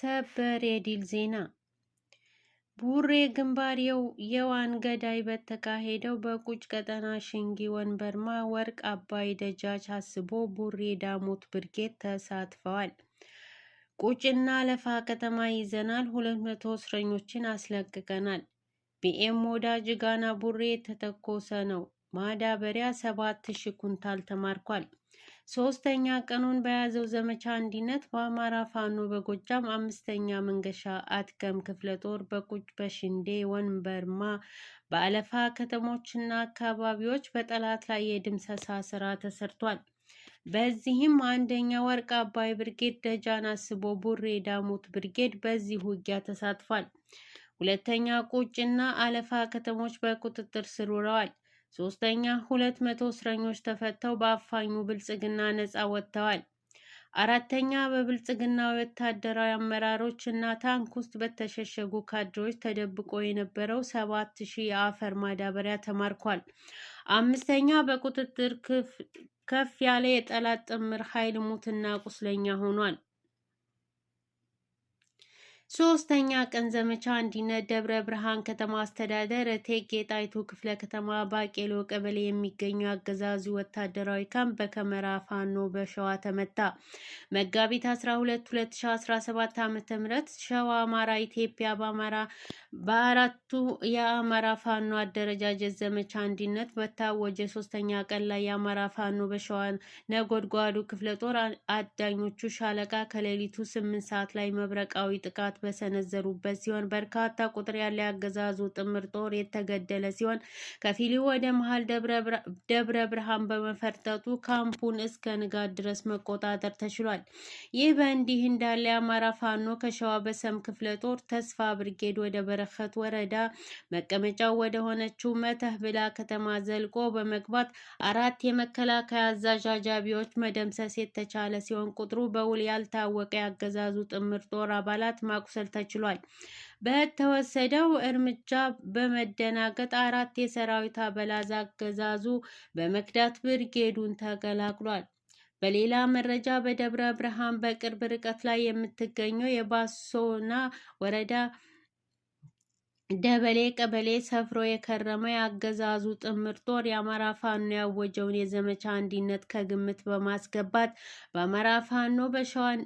ሰበር የድል ዜና ቡሬ ግንባር የዋን ገዳይ በተካሄደው በቁጭ ቀጠና ሽንጊ ወንበርማ ወርቅ አባይ ደጃች አስቦ ቡሬ ዳሞት ብርጌት ተሳትፈዋል። ቁጭና አለፋ ከተማ ይዘናል፣ ሁለት መቶ እስረኞችን አስለቅቀናል። ቢኤም ወዳ ጅጋና ቡሬ የተተኮሰ ነው። ማዳበሪያ ሰባት ሺ ኩንታል ተማርኳል። ሶስተኛ ቀኑን በያዘው ዘመቻ አንድነት በአማራ ፋኖ በጎጃም አምስተኛ መንገሻ አትከም ክፍለ ጦር በቁጭ በሽንዴ ወንበርማ በአለፋ ከተሞችና አካባቢዎች በጠላት ላይ የድምሰሳ ስራ ተሰርቷል። በዚህም አንደኛ ወርቅ አባይ ብርጌድ ደጃን አስቦ ቡሬ ዳሞት ብርጌድ በዚህ ውጊያ ተሳትፏል። ሁለተኛ ቁጭ እና አለፋ ከተሞች በቁጥጥር ስር ውለዋል። ሶስተኛ ሁለት መቶ እስረኞች ተፈተው በአፋኙ ብልጽግና ነጻ ወጥተዋል። አራተኛ በብልጽግና ወታደራዊ አመራሮች እና ታንክ ውስጥ በተሸሸጉ ካድሮች ተደብቆ የነበረው ሰባት ሺህ የአፈር ማዳበሪያ ተማርኳል። አምስተኛ በቁጥጥር ከፍ ያለ የጠላት ጥምር ኃይል ሙትና ቁስለኛ ሆኗል። ሶስተኛ ቀን ዘመቻ አንድነት ደብረ ብርሃን ከተማ አስተዳደር እቴጌ ጣይቱ ክፍለ ከተማ ባቄሎ ቀበሌ የሚገኙ አገዛዙ ወታደራዊ ካምፕ በከመራ ፋኖ በሸዋ ተመታ። መጋቢት 12 2017 ዓ.ም ሸዋ አማራ ኢትዮጵያ በአማራ በአራቱ የአማራ ፋኖ አደረጃጀት ዘመቻ አንድነት በታወጀ ሶስተኛ ቀን ላይ የአማራ ፋኖ በሸዋ ነጎድጓዱ ክፍለ ጦር አዳኞቹ ሻለቃ ከሌሊቱ ስምንት ሰዓት ላይ መብረቃዊ ጥቃት በሰነዘሩበት ሲሆን በርካታ ቁጥር ያለ ያገዛዙ ጥምር ጦር የተገደለ ሲሆን ከፊሉ ወደ መሀል ደብረ ብርሃን በመፈርጠጡ ካምፑን እስከ ንጋት ድረስ መቆጣጠር ተችሏል። ይህ በእንዲህ እንዳለ የአማራ ፋኖ ከሸዋ በሰም ክፍለ ጦር ተስፋ ብርጌድ ወደ በረ በረኸት ወረዳ መቀመጫው ወደ ሆነችው መተህ ብላ ከተማ ዘልቆ በመግባት አራት የመከላከያ አዛዥ አጃቢዎች መደምሰስ የተቻለ ሲሆን ቁጥሩ በውል ያልታወቀ ያገዛዙ ጥምር ጦር አባላት ማቁሰል ተችሏል። በተወሰደው እርምጃ በመደናገጥ አራት የሰራዊት አበላዝ አገዛዙ በመክዳት ብርጌዱን ተገላግሏል። በሌላ መረጃ በደብረ ብርሃን በቅርብ ርቀት ላይ የምትገኘው የባሶና ወረዳ ደበሌ ቀበሌ ሰፍሮ የከረመው የአገዛዙ ጥምር ጦር የአማራ ፋኖ ያወጀውን የዘመቻ አንድነት ከግምት በማስገባት በአማራ ፋኖ በሸዋን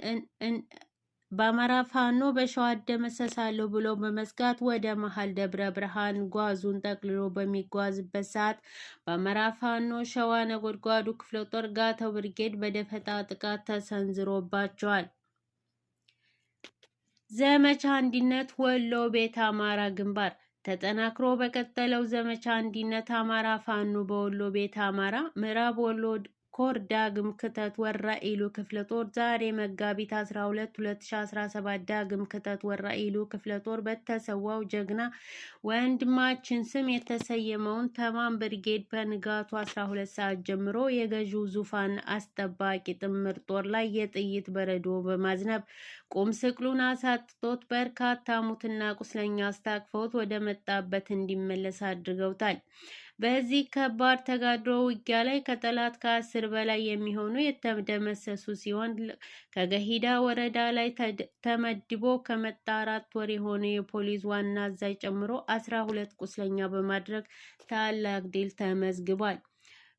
በአማራ ፋኖ በሸዋ እደመሰሳለሁ ብሎ በመስጋት ወደ መሀል ደብረ ብርሃን ጓዙን ጠቅልሎ በሚጓዝበት ሰዓት በአማራ ፋኖ ሸዋ ነጎድጓዱ ክፍለ ጦር ጋተው ብርጌድ በደፈጣ ጥቃት ተሰንዝሮባቸዋል። ዘመቻ አንድነት ወሎ ቤት አማራ ግንባር ተጠናክሮ በቀጠለው ዘመቻ አንድነት አማራ ፋኖ በወሎ ቤት አማራ ምዕራብ ወሎ ኮር ዳግም ክተት ወራኢሉ ክፍለ ጦር ዛሬ መጋቢት 12 2017 ዳግም ክተት ወራኢሉ ክፍለ ጦር በተሰዋው ጀግና ወንድማችን ስም የተሰየመውን ተማም ብርጌድ በንጋቱ 12 ሰዓት ጀምሮ የገዢው ዙፋን አስጠባቂ ጥምር ጦር ላይ የጥይት በረዶ በማዝነብ ቁም ስቅሉን አሳጥቶት በርካታ ሙትና ቁስለኛ አስታቅፈውት ወደ መጣበት እንዲመለስ አድርገውታል። በዚህ ከባድ ተጋድሮ ውጊያ ላይ ከጠላት ከአስር በላይ የሚሆኑ የተደመሰሱ ሲሆን ከገሂዳ ወረዳ ላይ ተመድቦ ከመጣ አራት ወር የሆነ የፖሊስ ዋና አዛዥ ጨምሮ አስራ ሁለት ቁስለኛ በማድረግ ታላቅ ድል ተመዝግቧል።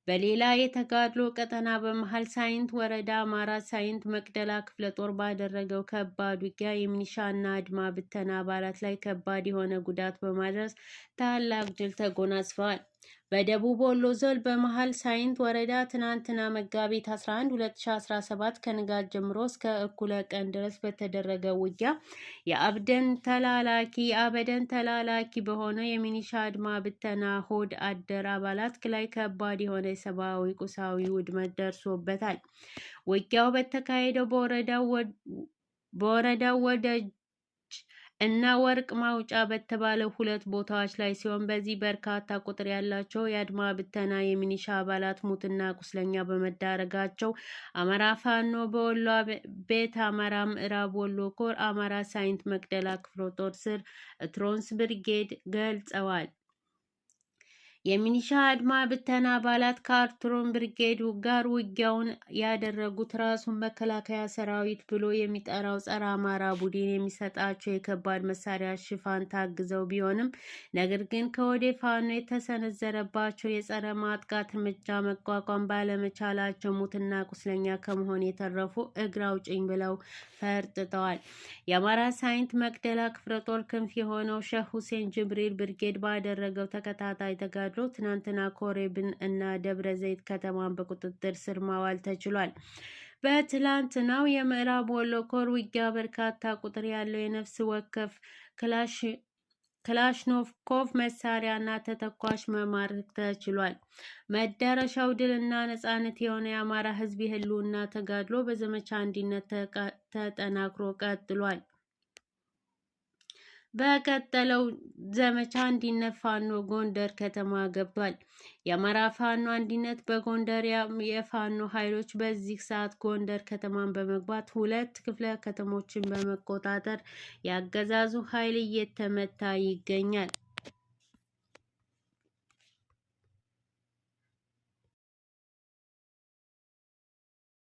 በሌላ የተጋድሎ ቀጠና በመሀል ሳይንት ወረዳ አማራ ሳይንት መቅደላ ክፍለ ጦር ባደረገው ከባድ ውጊያ የሚኒሻ ና አድማ ብተና አባላት ላይ ከባድ የሆነ ጉዳት በማድረስ ታላቅ ድል ተጎናጽፈዋል። በደቡብ ወሎ ዞን በመሃል ሳይንት ወረዳ ትናንትና መጋቢት 11 2017 ከንጋት ጀምሮ እስከ እኩለ ቀን ድረስ በተደረገ ውጊያ የአብደን ተላላኪ የአበደን ተላላኪ በሆነው የሚኒሻ አድማ ብተና ሆድ አደር አባላት ላይ ከባድ የሆነ የሰብአዊ ቁሳዊ ውድመት ደርሶበታል። ውጊያው በተካሄደው በወረዳው ወደ እና ወርቅ ማውጫ በተባለ ሁለት ቦታዎች ላይ ሲሆን በዚህ በርካታ ቁጥር ያላቸው የአድማ ብተና የሚኒሻ አባላት ሙትና ቁስለኛ በመዳረጋቸው አማራ ፋኖ በወሎ ቤት አማራ ምዕራብ ወሎ ኮር አማራ ሳይንት መቅደላ ክፍለ ጦር ስር ትሮንስ ብርጌድ ገልጸዋል። የሚኒሻ አድማ ብተና አባላት ከአርትሮን ብርጌድ ጋር ውጊያውን ያደረጉት ራሱን መከላከያ ሰራዊት ብሎ የሚጠራው ጸረ አማራ ቡድን የሚሰጣቸው የከባድ መሳሪያ ሽፋን ታግዘው ቢሆንም ነገር ግን ከወደ ፋኖ የተሰነዘረባቸው የጸረ ማጥቃት እርምጃ መቋቋም ባለመቻላቸው ሙትና ቁስለኛ ከመሆን የተረፉ እግር አውጭኝ ብለው ፈርጥተዋል። የአማራ ሳይንት መቅደላ ክፍረጦር ክንፍ የሆነው ሼህ ሁሴን ጅብሪል ብርጌድ ባደረገው ተከታታይ ተጋድ ተከታትሎ ትናንትና ኮሬብን እና ደብረ ዘይት ከተማን በቁጥጥር ስር ማዋል ተችሏል። በትላንትናው የምዕራብ ወሎ ኮር ውጊያ በርካታ ቁጥር ያለው የነፍስ ወከፍ ክላሽ ክላሽኖቭኮቭ መሳሪያ እና ተተኳሽ መማረክ ተችሏል። መዳረሻው ድልና ነጻነት የሆነ የአማራ ሕዝብ የህልውና ተጋድሎ በዘመቻ አንድነት ተጠናክሮ ቀጥሏል። በቀጠለው ዘመቻ አንድነት ፋኖ ጎንደር ከተማ ገብቷል። የአማራ ፋኖ አንድነት በጎንደር የፋኖ ኃይሎች በዚህ ሰዓት ጎንደር ከተማን በመግባት ሁለት ክፍለ ከተሞችን በመቆጣጠር የአገዛዙ ኃይል እየተመታ ይገኛል።